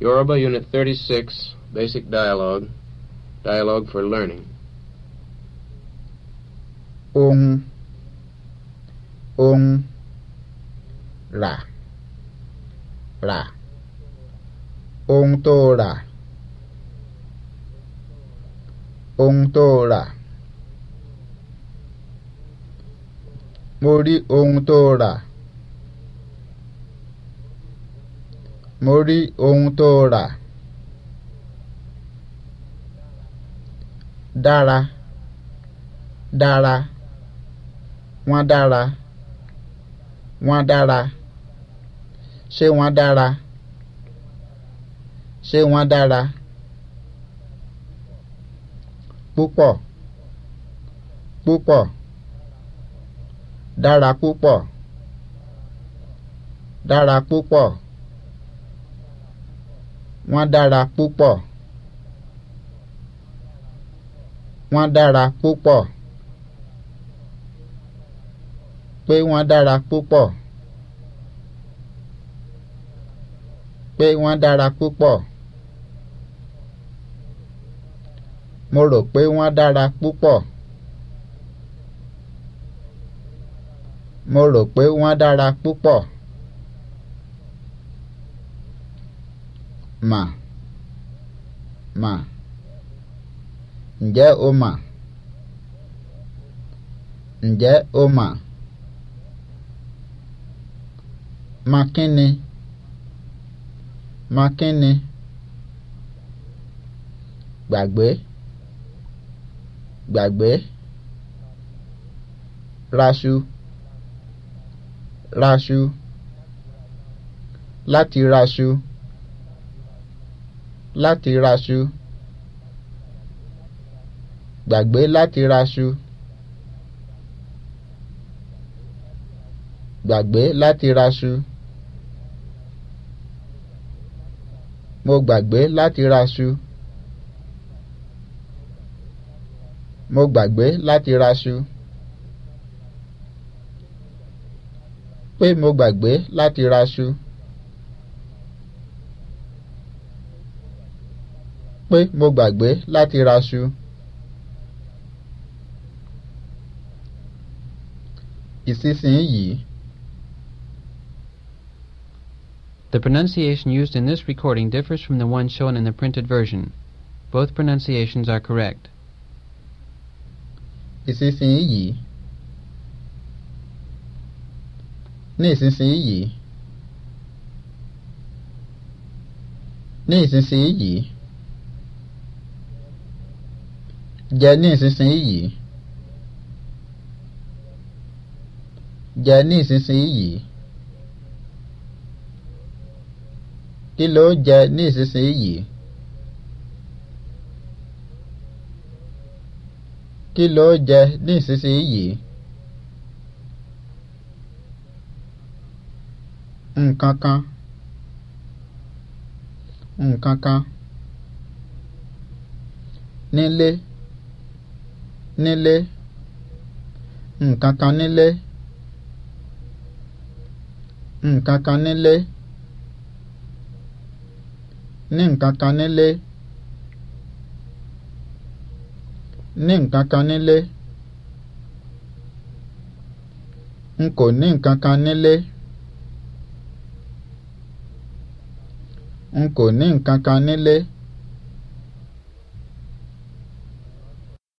Yoruba Unit 36, Basic Dialogue, Dialogue for Learning. Ong, Ong, la, Rà Ong tó rà Ong tó rà Mori Ong tó rà. Mo rí ohun tó rà dára dára, wọ́n dára, wọ́n dára, ṣé wọ́n dára, ṣé wọ́n dára púpọ̀ púpọ̀ dára púpọ̀ dára púpọ̀ wọ́n dára púpọ̀ wọ́n dára púpọ̀ pé wọ́n dára púpọ̀ pé wọ́n dára púpọ̀ mo rò pé wọ́n dára púpọ̀ mo rò pé wọ́n dára púpọ̀. Ma! Ma! Njẹ o mà ǹjẹ́ o mà ma kíni ma kíni gbàgbé gbàgbé raṣu raṣu láti raṣu. láti raṣu gbàgbé láti raṣu gbàgbé láti raṣu mo gbàgbé láti raṣu mo gbàgbé láti raṣu pé mo gbàgbé láti raṣu. pé mo gbàgbé láti raṣu. The pronunciation used in this recording differs from the one shown in the printed version. Both pronunciations are correct. Ní Ní jẹ ní ìsinsìnyí yìí jẹ ní ìsinsìnyí yìí kí ló jẹ ní ìsinsìnyí yìí kí ló jẹ ní ìsinsìnyí yìí nǹkan kan nǹkan kan nílé. nílé Nkaka kan nílé nǹkan nílé ní nǹkan nílé ní nílé n kò ní nǹkan nílé n